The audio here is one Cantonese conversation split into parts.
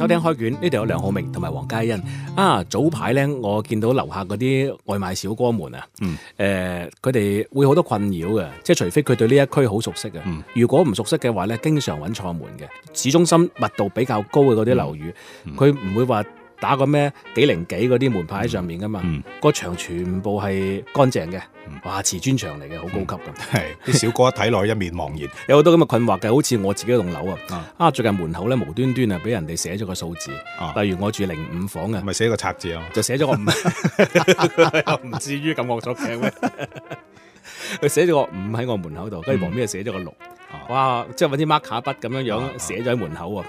收聽開卷，呢度有梁浩明同埋黃嘉欣啊，早排呢，我見到樓下嗰啲外賣小哥們啊，誒、嗯，佢哋、呃、會好多困擾嘅，即係除非佢對呢一區好熟悉嘅，嗯、如果唔熟悉嘅話呢，經常揾錯門嘅。市中心密度比較高嘅嗰啲樓宇，佢唔、嗯、會話。打個咩幾零幾嗰啲門牌喺上面噶嘛？嗰牆全部係乾淨嘅，哇！瓷磚牆嚟嘅，好高級嘅。係啲小哥睇落一面茫然，有好多咁嘅困惑嘅。好似我自己嗰棟樓啊，啊最近門口咧無端端啊俾人哋寫咗個數字。例如我住零五房嘅，咪寫個拆字咯，就寫咗個五，又唔至於咁惡作劇咩？佢寫咗個五喺我門口度，跟住旁邊又寫咗個六，哇！即係揾啲 marker 筆咁樣樣寫咗喺門口啊！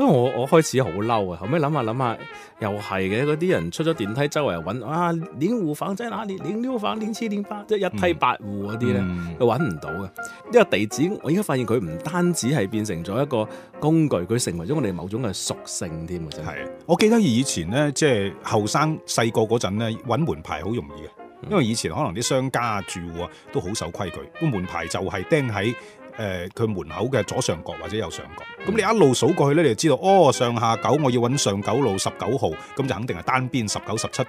因為我我開始好嬲啊，後尾諗下諗下又係嘅，嗰啲人出咗電梯周圍揾啊，零五房在哪裡？零、啊、六房、零七、零八，即係一梯八戶嗰啲咧，佢揾唔到嘅。因為地址我而家發現佢唔單止係變成咗一個工具，佢成為咗我哋某種嘅屬性添。係我記得以前咧，即係後生細個嗰陣咧，揾門牌好容易嘅，因為以前可能啲商家住戶啊都好守規矩，咁門牌就係釘喺。誒佢、呃、門口嘅左上角或者右上角，咁、嗯、你一路數過去咧，你就知道哦，上下九我要揾上九路十九號，咁就肯定係單邊十九十七、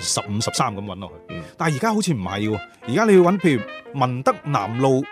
十五十三咁揾落去。嗯、但係而家好似唔係喎，而家你要揾譬如文德南路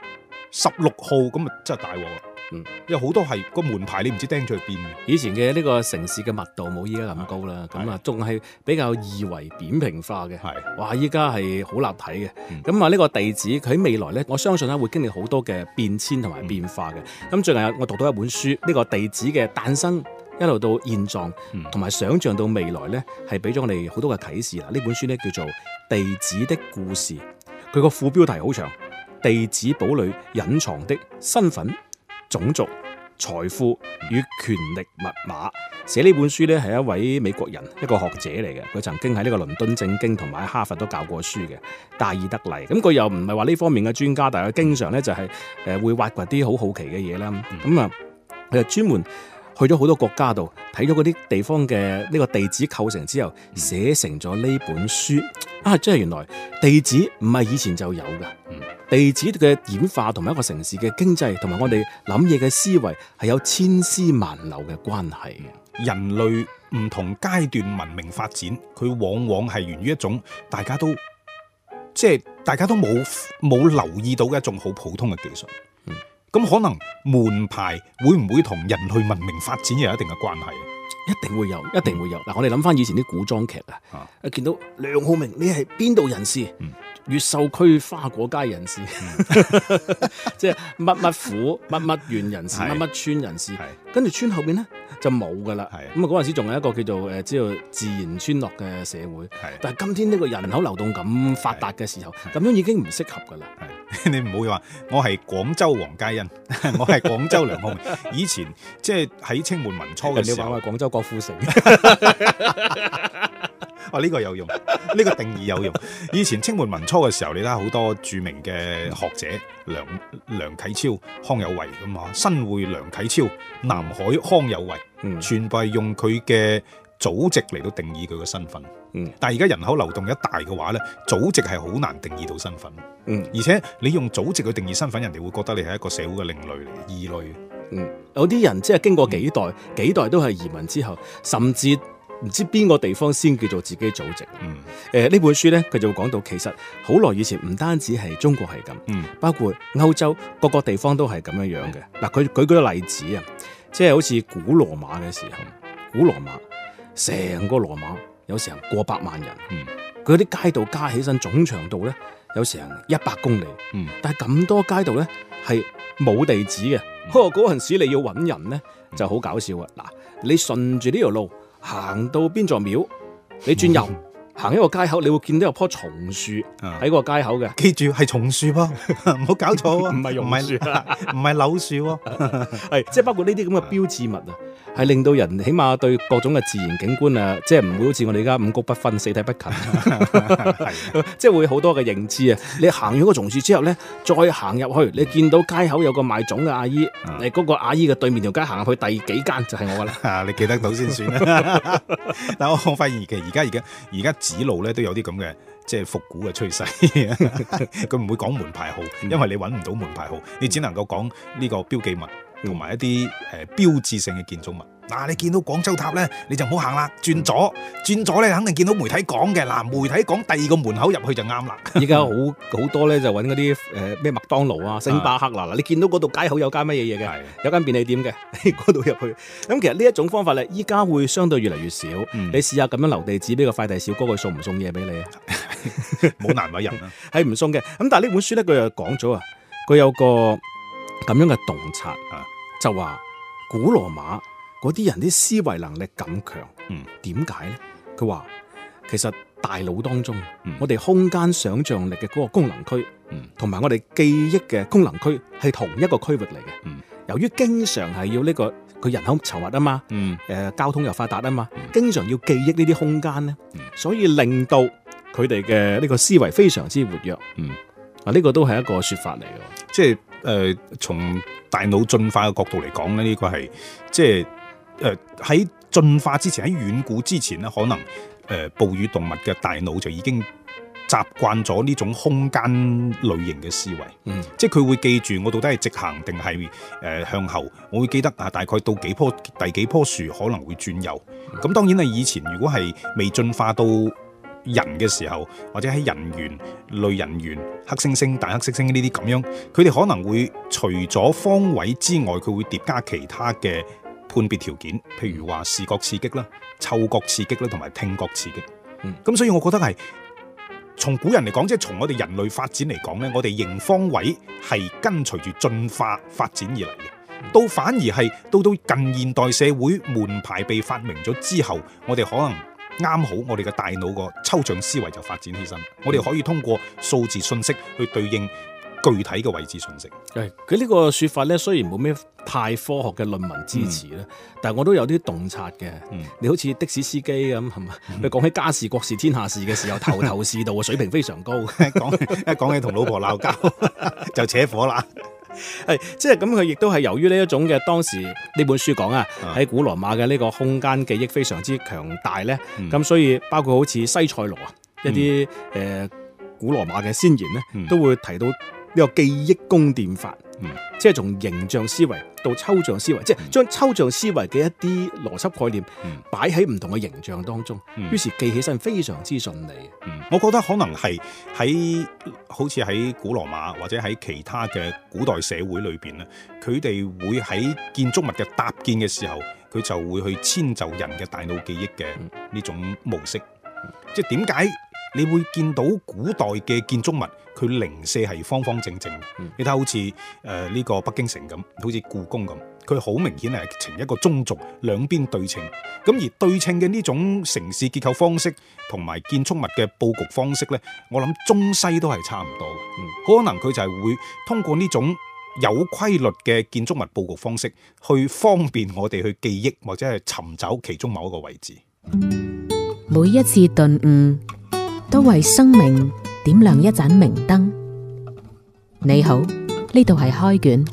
十六號，咁啊真係大鑊。嗯，有好多係個門牌你唔知釘咗去邊。以前嘅呢個城市嘅密度冇依家咁高啦，咁啊仲係比較二維扁平化嘅。係的，哇！依家係好立體嘅。咁啊、嗯，呢個地址佢喺未來咧，我相信咧會經歷好多嘅變遷同埋變化嘅。咁、嗯、最近我讀到一本書，呢、這個地址嘅誕生一路到現狀，同埋、嗯、想象到未來咧，係俾咗我哋好多嘅啟示啦。呢本書咧叫做《地址的故事》，佢個副標題好長，《地址堡裏隱藏的身份》。種族、財富與權力密碼，寫呢本書呢，係一位美國人，一個學者嚟嘅。佢曾經喺呢個倫敦政經同埋喺哈佛都教過書嘅，戴爾德麗。咁佢又唔係話呢方面嘅專家，但係佢經常呢，就係、是、誒會挖掘啲好好奇嘅嘢啦。咁啊、嗯，佢就專門。去咗好多國家度睇咗嗰啲地方嘅呢個地址構成之後，寫成咗呢本書啊！即係原來地址唔係以前就有㗎，地址嘅演化同埋一個城市嘅經濟同埋我哋諗嘢嘅思維係有千絲萬縷嘅關係。人類唔同階段文明發展，佢往往係源於一種大家都即係、就是、大家都冇冇留意到嘅一種好普通嘅技術。咁可能門牌會唔會同人類文明發展有一定嘅關係？一定會有，一定會有。嗱、嗯，我哋諗翻以前啲古裝劇啊啊，見到梁浩明，你係邊度人士？嗯越秀區花果街人士，即係乜乜府、乜乜縣人士、乜乜村人士，跟住村後面咧就冇噶啦。咁啊嗰陣時仲有一個叫做誒即係自然村落嘅社會，但係今天呢個人口流動咁發達嘅時候，咁樣已經唔適合噶啦。你唔好話我係廣州黃嘉欣，我係廣州梁漢文。以前即係喺清末民初嘅時候，你話我係廣州郭富城。哇！呢、哦，這個有用，呢、這個定義有用。 以前清末民初嘅時候，你睇好多著名嘅學者，梁、梁啟超、康有為咁啊，新會梁啟超、南海康有為，嗯、全部係用佢嘅祖籍嚟到定義佢嘅身份。嗯，但係而家人口流動一大嘅話呢，祖籍係好難定義到身份。嗯，而且你用祖籍去定義身份，人哋會覺得你係一個社會嘅另類、異類。嗯，有啲人即係經過幾代、嗯、幾代都係移民之後，甚至。唔知邊個地方先叫做自己組織？誒、嗯，呢、呃、本書咧，佢就會講到，其實好耐以前唔單止係中國係咁，嗯、包括歐洲各個地方都係咁樣樣嘅。嗱、嗯，佢舉個例子啊？即、就、係、是、好似古羅馬嘅時候，嗯、古羅馬成個羅馬有成過百萬人，佢啲、嗯、街道加起身總長度咧有成一百公里。嗯、但係咁多街道咧係冇地址嘅。嗯、呵，嗰陣時你要搵人咧就好搞笑啊！嗱、嗯，你順住呢條路，行到邊座廟，你轉右。嗯行一個街口，你會見到有棵松樹喺個街口嘅，記住係松樹噃，唔 好搞錯啊！唔係 榕樹，啊，唔係柳樹，啊，係即係包括呢啲咁嘅標誌物啊，係令到人起碼對各種嘅自然景觀啊，即係唔會好似我哋而家五穀不分，四體不勤， 的即係會好多嘅認知啊！你行完個松樹之後咧，再行入去，你見到街口有個賣粽嘅阿姨，嗰 個阿姨嘅對面條街行入去第幾間就係我啦，啊？你記得到先算啦。 但我發現而家而家而家。指路咧都有啲咁嘅，即係復古嘅趨勢，佢唔會講門牌號，因為你揾唔到門牌號，你只能夠講呢個標記物同埋一啲誒、標誌性嘅建築物。嗱、啊，你見到廣州塔咧，你就唔好行啦，轉左轉左咧，肯定見到媒體講嘅嗱。媒體講第二個門口入去就啱啦。依家好好、嗯、多咧，就揾嗰啲誒咩麥當勞啊、星巴克嗱嗱，你見到嗰度街口有間乜嘢嘢嘅，的有間便利店嘅，嗰度入去。咁其實呢一種方法咧，依家會相對越嚟越少。嗯、你試下咁樣留地址俾個快遞小哥，佢送唔送嘢俾你啊？冇 難為人啊，係唔 送嘅。咁但係呢本書咧，佢又講咗啊，佢有個咁樣嘅洞察啊，就話古羅馬。嗰啲人啲思維能力咁強，點解咧？佢話其實大腦當中，嗯、我哋空間想象力嘅嗰個功能區，同埋、嗯、我哋記憶嘅功能區係同一個區域嚟嘅。嗯、由於經常係要呢個佢人口稠密啊嘛，誒、嗯呃、交通又發達啊嘛，嗯、經常要記憶呢啲空間咧，嗯、所以令到佢哋嘅呢個思維非常之活躍。嗱、嗯，呢個都係一個說法嚟嘅，即係誒、呃、從大腦進化嘅角度嚟講咧，呢個係即係。誒喺、呃、進化之前，喺遠古之前咧，可能誒哺乳動物嘅大腦就已經習慣咗呢種空間類型嘅思維，嗯、即係佢會記住我到底係直行定係誒向後，我會記得啊，大概到幾棵第幾棵樹可能會轉右。咁、嗯、當然係以前如果係未進化到人嘅時候，或者喺人猿、類人猿、黑猩猩、大黑猩猩呢啲咁樣，佢哋可能會除咗方位之外，佢會疊加其他嘅。判別條件，譬如話視覺刺激啦、嗅覺刺激啦，同埋聽覺刺激。咁、嗯、所以我覺得係從古人嚟講，即係從我哋人類發展嚟講呢，我哋認方位係跟隨住進化發展而嚟嘅。到反而係到到近現代社會門牌被發明咗之後，我哋可能啱好我哋嘅大腦個抽象思維就發展起身，我哋可以通過數字信息去對應。具體嘅位置信息。佢呢個説法咧，雖然冇咩太科學嘅論文支持咧，嗯、但係我都有啲洞察嘅。嗯、你好似的士司機咁，係咪、嗯？佢講起家事國事天下事嘅時候，呵呵，頭頭是道嘅水平非常高。講一講起同老婆鬧交 就扯火啦。係，即係咁。佢亦都係由於呢一種嘅當時呢本書講啊，喺古羅馬嘅呢個空間記憶非常之強大咧。咁、嗯、所以包括好似西塞羅啊一啲誒、嗯、古羅馬嘅先賢咧，都會提到。呢個記憶宮殿法，嗯、即係從形象思維到抽象思維，嗯、即係將抽象思維嘅一啲邏輯概念擺喺唔同嘅形象當中，嗯、於是記起身非常之順利，嗯。我覺得可能係喺好似喺古羅馬或者喺其他嘅古代社會裏邊咧，佢哋會喺建築物嘅搭建嘅時候，佢就會去遷就人嘅大腦記憶嘅呢種模式。嗯、即係點解？你會見到古代嘅建築物，佢零舍係方方正正。嗯、你睇好似誒呢個北京城咁，好似故宮咁，佢好明顯係呈一個中軸兩邊對稱。咁而對稱嘅呢種城市結構方式同埋建築物嘅佈局方式呢，我諗中西都係差唔多。嗯、可能佢就係會通過呢種有規律嘅建築物佈局方式，去方便我哋去記憶或者係尋找其中某一個位置。每一次頓悟。都為生命點亮一盞明燈。你好，呢度係開卷，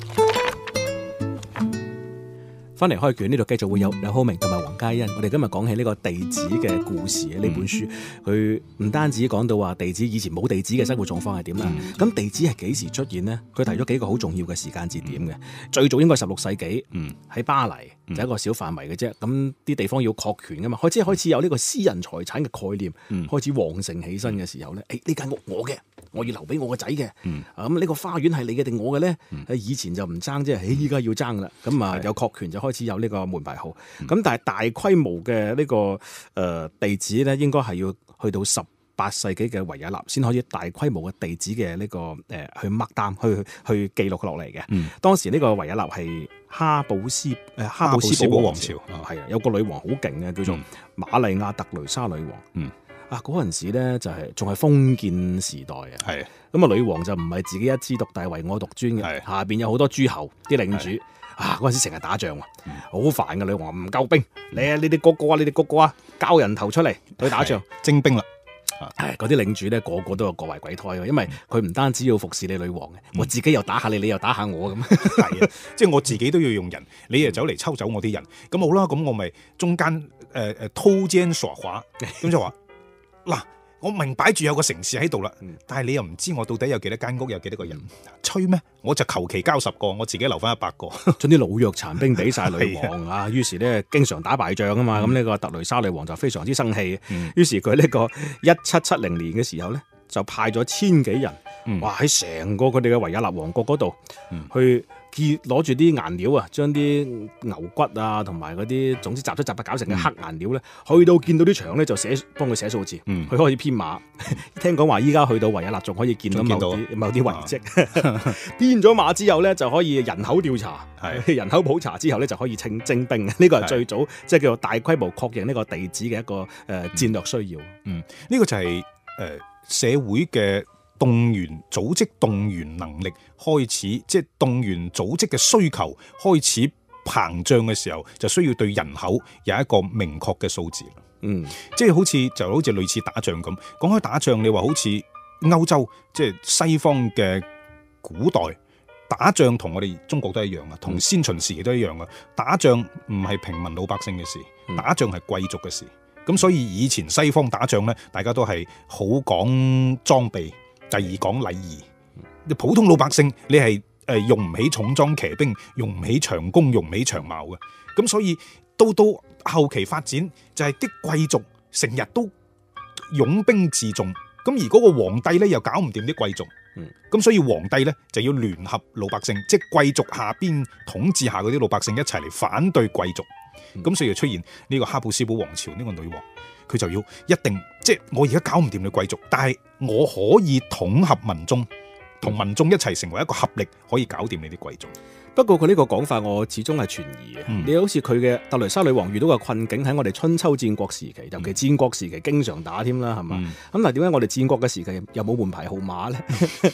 翻嚟開卷呢度繼續會有劉浩明同埋黃嘉欣。我哋今日講起呢個地址嘅故事嘅呢、嗯、本書，佢唔單止講到話地址以前冇地址嘅生活狀況係點啦，咁、嗯嗯、地址係幾時出現呢？佢提咗幾個好重要嘅時間節點嘅，最早應該係十六世紀，嗯，喺巴黎。就係一個小範圍嘅啫，咁啲地方要確權噶嘛，開始開始有呢個私人財產嘅概念，嗯、開始旺盛起身嘅時候咧，誒呢間屋我嘅，我要留俾我個仔嘅，咁呢、嗯嗯，這個花園係你嘅定我嘅咧？嗯、以前就唔爭啫，依家、嗯、要爭啦，咁啊有確權就開始有呢個門牌號，咁、嗯、但係大規模嘅呢、這個、呃、地址咧，應該係要去到十。八世紀嘅維也納先可以大規模嘅地址嘅，呢個誒去 mark down 去去記錄落嚟嘅。嗯、當時呢個維也納係哈布斯誒哈布斯堡王朝係啊，有個女王好勁嘅，叫做瑪麗亞特雷莎女王。嗯、啊，嗰陣時咧就係仲係封建時代啊。係咁的啊，女王就唔係自己一枝獨大、唯我獨尊嘅。的下邊有好多諸侯啲領主的啊，嗰陣時成日打仗，好煩嘅，女王唔夠兵，你啊你哋個個啊你哋個個啊交人頭出嚟去打仗徵兵啦。誒，嗰啲領主咧個個都有各懷鬼胎，因為佢唔單止要服侍你女王，我自己又打下你，你又打下我咁係啊，即係我自己都要用人，你又走嚟抽走我啲人，咁好啦，咁我咪中間誒誒偷奸耍滑，咁就話嗱。 我明擺住有個城市喺度啦，但係你又唔知我到底有幾多間屋，有幾多個人，吹咩？我就求其交十個，我自己留翻一百個，將 啲老弱殘兵畀晒女王啊！ 是的於是咧，經常打敗仗啊嘛，咁呢、嗯、個特雷莎女王就非常之生氣，嗯、於是佢呢個一七七零年嘅時候咧，就派咗千幾人，嗯、哇！喺成個佢哋嘅維也納王國嗰度、嗯、去。攞住啲顏料啊，將啲牛骨啊，同埋嗰啲，總之雜七雜八搞成嘅黑顏料咧，嗯、去到見到啲牆咧就寫，幫佢寫數字，佢、嗯、可以編碼。聽講話依家去到維也一仲可以見到某啲某啲遺跡。啊、 編咗碼之後咧，就可以人口調查，的人口普查之後咧就可以清精兵。呢個係最早即係叫做大規模確認呢個地址嘅一個誒戰略需要。嗯，呢、嗯這個就係誒社會嘅。動員組織動員能力開始，即係動員組織嘅需求開始膨脹嘅時候，就需要對人口有一個明確嘅數字。嗯，即係好似就好似類似打仗咁講開打仗，你話好似歐洲即係西方嘅古代打仗，同我哋中國都一樣啊，同先秦時期都一樣啊。打仗唔係平民老百姓嘅事，打仗係貴族嘅事。咁所以以前西方打仗呢，大家都係好講裝備。第二講禮儀，普通老百姓你係誒、呃、用唔起重裝騎兵，用唔起長弓，用唔起長矛嘅，咁所以到到後期發展就係、是、啲貴族成日都擁兵自重，咁而嗰個皇帝咧又搞唔掂啲貴族，咁、嗯、所以皇帝咧就要聯合老百姓，即係貴族下邊統治下嗰啲老百姓一齊嚟反對貴族。咁、嗯、所以就出現呢個哈布斯堡王朝呢個女王，佢就要一定即係我而家搞唔掂你貴族，但係我可以統合民眾，同民眾一齊成為一個合力，可以搞掂你啲貴族。不過佢呢個講法，我始終係存疑嘅。你好似佢嘅特雷莎女王遇到嘅困境喺我哋春秋戰國時期，尤其戰國時期、嗯、經常打添啦，係嘛？咁嗱、嗯，點解我哋戰國嘅時期又冇換牌號碼咧？咁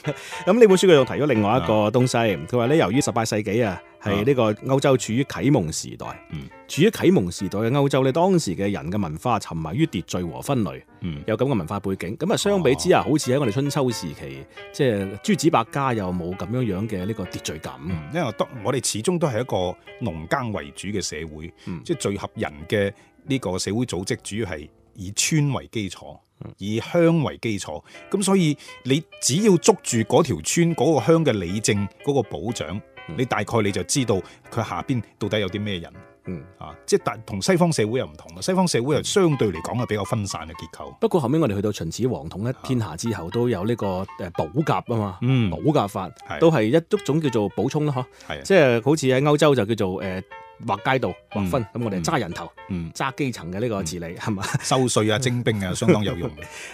呢 本書佢又提咗另外一個東西，佢話咧由於十八世紀啊。係呢個歐洲處於啟蒙時代，啊、處於啟蒙時代嘅歐洲呢，當時嘅人嘅文化沉迷於秩序和分類，嗯、有咁嘅文化背景。咁啊，相比之下，啊、好似喺我哋春秋時期，即、就、係、是、諸子百家又冇咁樣樣嘅呢個秩序感。嗯、因為我哋始終都係一個農耕為主嘅社會，即係、嗯、聚合人嘅呢個社會組織，主要係以村為基礎，嗯、以鄉為基礎。咁所以你只要捉住嗰條村嗰、那個鄉嘅理政嗰、那個保障。你大概你就知道佢下邊到底有啲咩人，嗯啊，即係但同西方社會又唔同啦。西方社會又相對嚟講係比較分散嘅結構。不過後尾我哋去到秦始皇統一、啊、天下之後，都有呢個誒保甲啊嘛，嗯、保甲法都係一種叫做補充咯，呵的，即係好似喺歐洲就叫做誒。呃劃街道劃分，咁、嗯、我哋揸人頭，揸、嗯、基層嘅呢個治理係嘛，嗯、吧收稅啊、徵兵啊，相當有用。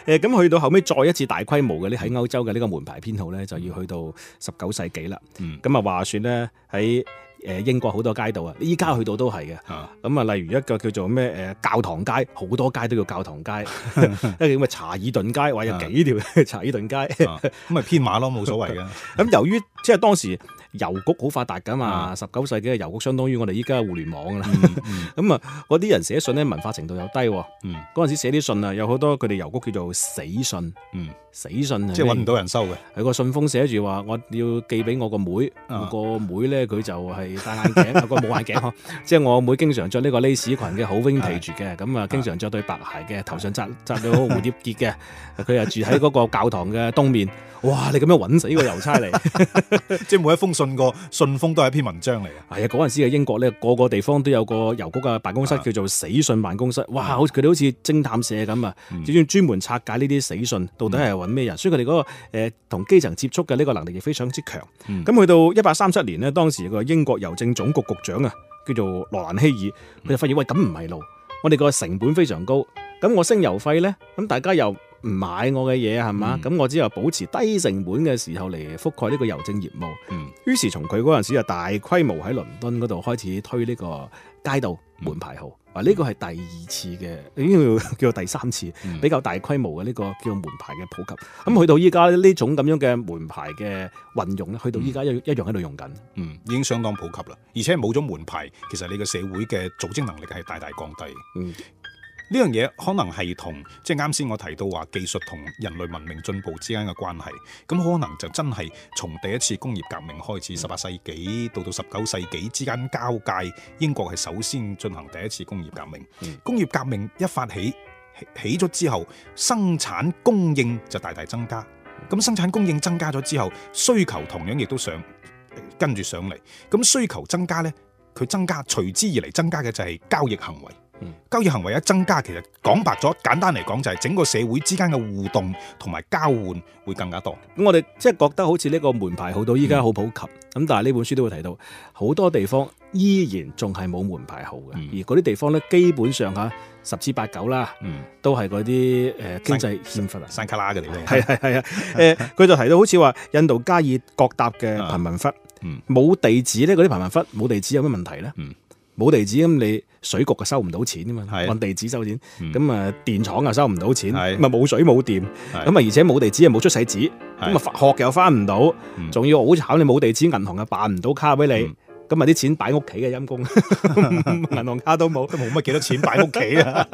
誒，咁去到後尾，再一次大規模嘅呢喺歐洲嘅呢個門牌編號咧，就要去到十九世紀啦。咁啊、嗯，話說咧喺。誒，英國好多街道啊，依家去到都係嘅。咁啊，例如一個叫做咩誒，教堂街，好多街都叫教堂街。一查 爾頓街，話有幾條查 爾頓街，咁咪編碼咯，冇所謂嘅。咁 由於即係當時郵局好發達㗎嘛，十九、嗯、世紀嘅郵局相當於我哋依家互聯網㗎啦。咁啊、嗯，嗰、嗯、啲、嗯、人寫信咧，文化程度又低。嗯，嗰陣時寫啲信啊，有好多佢哋郵局叫做死信。嗯。死信啊！即係搵唔到人收嘅，係個信封寫住話，我要寄俾我個妹。個妹咧，佢就係戴眼鏡，有個冇眼鏡。即係我妹經常着呢個 lace 裙嘅，好 vintage 嘅。咁啊，經常着對白鞋嘅，頭上扎扎到蝴蝶結嘅。佢啊，住喺嗰個教堂嘅東面。哇！你咁樣搵死個郵差嚟，即係每一封信個信封都係一篇文章嚟嘅。係啊，嗰陣時嘅英國呢，個個地方都有個郵局嘅辦公室叫做死信辦公室。哇！佢哋好似偵探社咁啊，專專門拆解呢啲死信，到底係咩人？所以佢哋嗰個誒同、呃、基層接觸嘅呢個能力亦非常之強。咁去、嗯、到一八三七年呢，當時個英國郵政總局局長啊，叫做羅蘭希爾，佢就發現、嗯、喂，咁唔係路，我哋個成本非常高，咁我升郵費呢，咁大家又唔買我嘅嘢係嘛，咁、嗯、我只有保持低成本嘅時候嚟，覆蓋呢個郵政業務。於、嗯、是從佢嗰陣時就大規模喺倫敦嗰度開始推呢個街道門牌號。嗱，呢個係第二次嘅，已經叫做第三次比較大規模嘅呢個叫做門牌嘅普及。咁去到依家呢種咁樣嘅門牌嘅運用咧，去到依家一一樣喺度用緊。嗯，已經相當普及啦，而且冇咗門牌，其實你個社會嘅組織能力係大大降低。嗯。呢樣嘢可能係同即係啱先我提到話技術同人類文明進步之間嘅關係，咁可能就真係從第一次工業革命開始，十八世紀到到十九世紀之間交界，英國係首先進行第一次工業革命。嗯、工業革命一發起起咗之後生產供應就大大增加。咁生產供應增加咗之後需求同樣亦都上跟住上嚟。咁需求增加呢，佢增加，隨之而嚟增加嘅就係交易行為。嗯、交易行為一增加，其實講白咗，簡單嚟講就係整個社會之間嘅互動同埋交換會更加多。咁我哋即係覺得好似呢個門牌號到依家好普及，咁、嗯、但係呢本書都會提到，好多地方依然仲係冇門牌號嘅，嗯、而嗰啲地方咧，基本上吓十之八九啦，嗯、都係嗰啲誒經濟欠發達、山卡拉嘅地方。係係係啊，誒、啊，佢、啊、 就提到好似話印度加爾各答嘅貧民窟，冇、嗯、地址咧，嗰啲貧民窟冇地址有咩問題咧？嗯冇地址，咁你水局啊收唔到錢啊嘛，按是地址收錢，咁啊、嗯、電廠又收唔到錢，咪冇是水冇電。咁啊是而且冇地址又冇出世紙，咁啊學又返唔到，仲、嗯、要好慘，你冇地址，銀行又辦唔到卡俾你。嗯咁咪啲錢擺屋企嘅陰功， 銀行卡都冇，冇乜幾多錢擺屋企啊！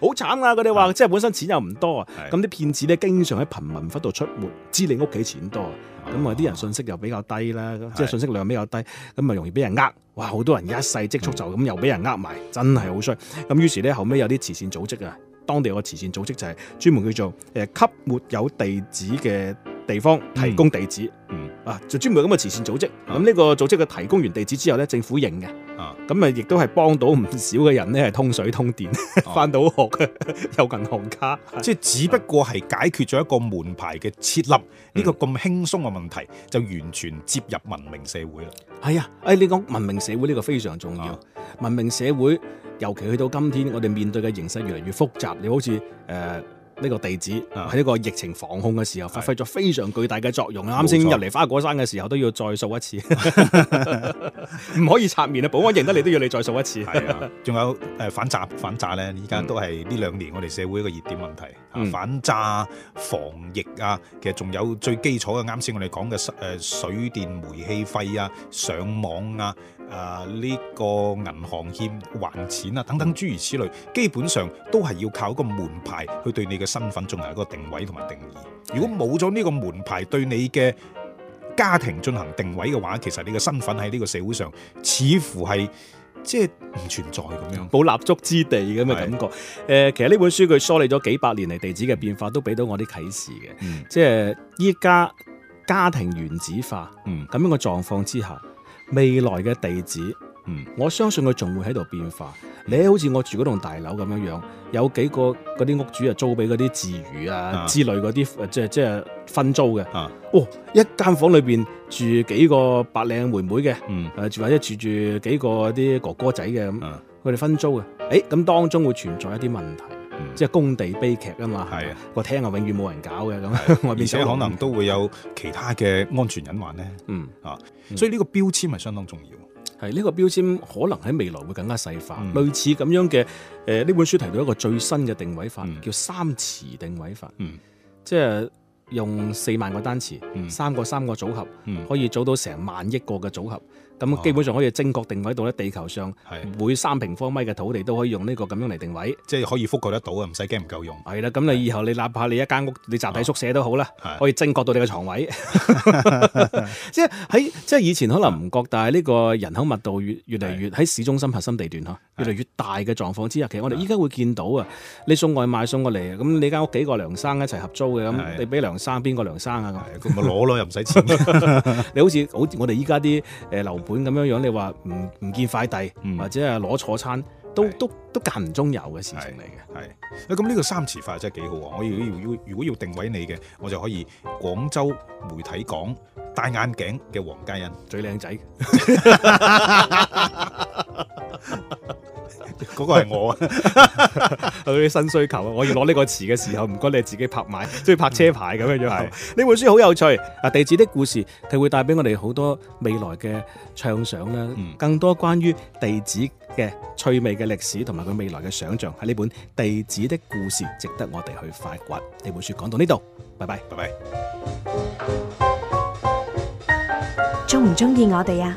好慘啊！佢哋話，即係本身錢又唔多，咁啲的騙子咧經常喺貧民窟度出沒，知你屋企錢多，咁啊啲人信息又比較低啦，的即係信息量比較低，咁咪的容易俾人呃。哇！好多人一世積蓄就咁又俾人呃埋，的真係好衰。咁於是咧後尾有啲慈善組織啊，當地有個慈善組織就係專門叫做誒給、呃、沒有地址嘅地方提供地址。的啊，就專門咁嘅慈善組織，咁呢、啊、個組織嘅提供完地址之後呢，政府認嘅，咁啊亦都係幫到唔少嘅人呢，係通水通電，翻、啊、到學呵呵有銀行卡，即係、啊、只不過係解決咗一個門牌嘅設立，呢、這個咁輕鬆嘅問題、嗯、就完全接入文明社會啦。係啊、哎，誒你講文明社會呢個非常重要，啊、文明社會尤其去到今天，我哋面對嘅形勢越嚟越複雜，你好似呢個地址喺呢個疫情防控嘅時候發揮咗非常巨大嘅作用。啱先入嚟花果山嘅時候都要再掃一次，唔沒錯 可以拆面啊！保安認得你都要你再掃一次。係啊的，仲 有誒、呃、反詐反詐咧，依家都係呢兩年我哋社會一個熱點問題。嗯啊、反詐防疫啊，其實仲有最基礎嘅啱先我哋講嘅誒水電煤氣費啊、上網啊。啊！呢、這個銀行欠還錢啊，等等諸如此類，基本上都係要靠一個門牌去對你嘅身份進行一個定位同埋定義。是的 如果冇咗呢個門牌對你嘅家庭進行定位嘅話，其實你嘅身份喺呢個社會上似乎係即係唔存在咁樣，冇立足之地咁嘅感覺。誒是的、呃，其實呢本書佢梳理咗幾百年嚟地址嘅變化，都俾到我啲啟示嘅。嗯、即係依家家庭原子化，嗯，咁樣嘅狀況之下。嗯未來嘅地址，嗯，我相信佢仲會喺度變化。嗯、你好似我住嗰棟大樓咁樣樣，有幾個嗰啲屋主租給啊租俾嗰啲自如啊之類嗰啲，即係即係分租嘅。啊、哦，一間房裏邊住幾個白領妹妹嘅，誒、嗯，或者住住幾個啲哥哥仔嘅咁，佢哋、啊、分租嘅。誒，咁當中會存在一啲問題。即係工地悲劇啊嘛，係啊個廳啊永遠冇人搞嘅，咁，而且可能都會有其他嘅安全隱患咧。嗯啊，所以呢個標籤係相當重要。係呢個標籤可能喺未來會更加細化，類似咁樣嘅，誒，呢本書提到一個最新嘅定位法，叫三詞定位法。嗯，即係用四萬個單詞，三個三個組合，可以組到成萬億個嘅組合。咁基本上可以精確定位到咧，地球上每三平方米嘅土地都可以用呢個咁樣嚟定位，即係可以覆蓋得到啊，唔使驚唔夠用。係啦，咁你以後你哪怕你一間屋，你集體宿舍都好啦，的可以精確到你嘅床位。 即係喺即係以前可能唔覺，但係呢個人口密度越來越嚟越喺市中心核心地段越嚟越大嘅狀況之下，的其實我哋依家會見到啊，你送外賣送過嚟，咁你間屋幾個梁生一齊合租嘅咁，的你俾梁生邊個梁生啊？咪攞咯又唔使錢。 你好似好似我哋依家啲誒樓。呃 咁樣樣，你話唔唔見快遞，嗯、或者係攞錯餐，都是都都間唔中有嘅事情嚟嘅。係，咁呢個三詞法真係幾好啊！我要要要，如果要定位你嘅，我就可以廣州媒體講戴眼鏡嘅黃家欣，最靚仔。 嗰個係我啊，啲新需求啊，我要攞呢個詞嘅時候，唔該你自己拍埋，即係拍車牌咁樣樣係。呢、嗯、本書好有趣，啊地址的故事，佢會帶俾我哋好多未來嘅暢想啦，嗯、更多關於地址嘅趣味嘅歷史同埋佢未來嘅想象，喺呢本地址的故事值得我哋去發掘。你本書講到呢度，拜拜，拜拜。中唔中意我哋啊？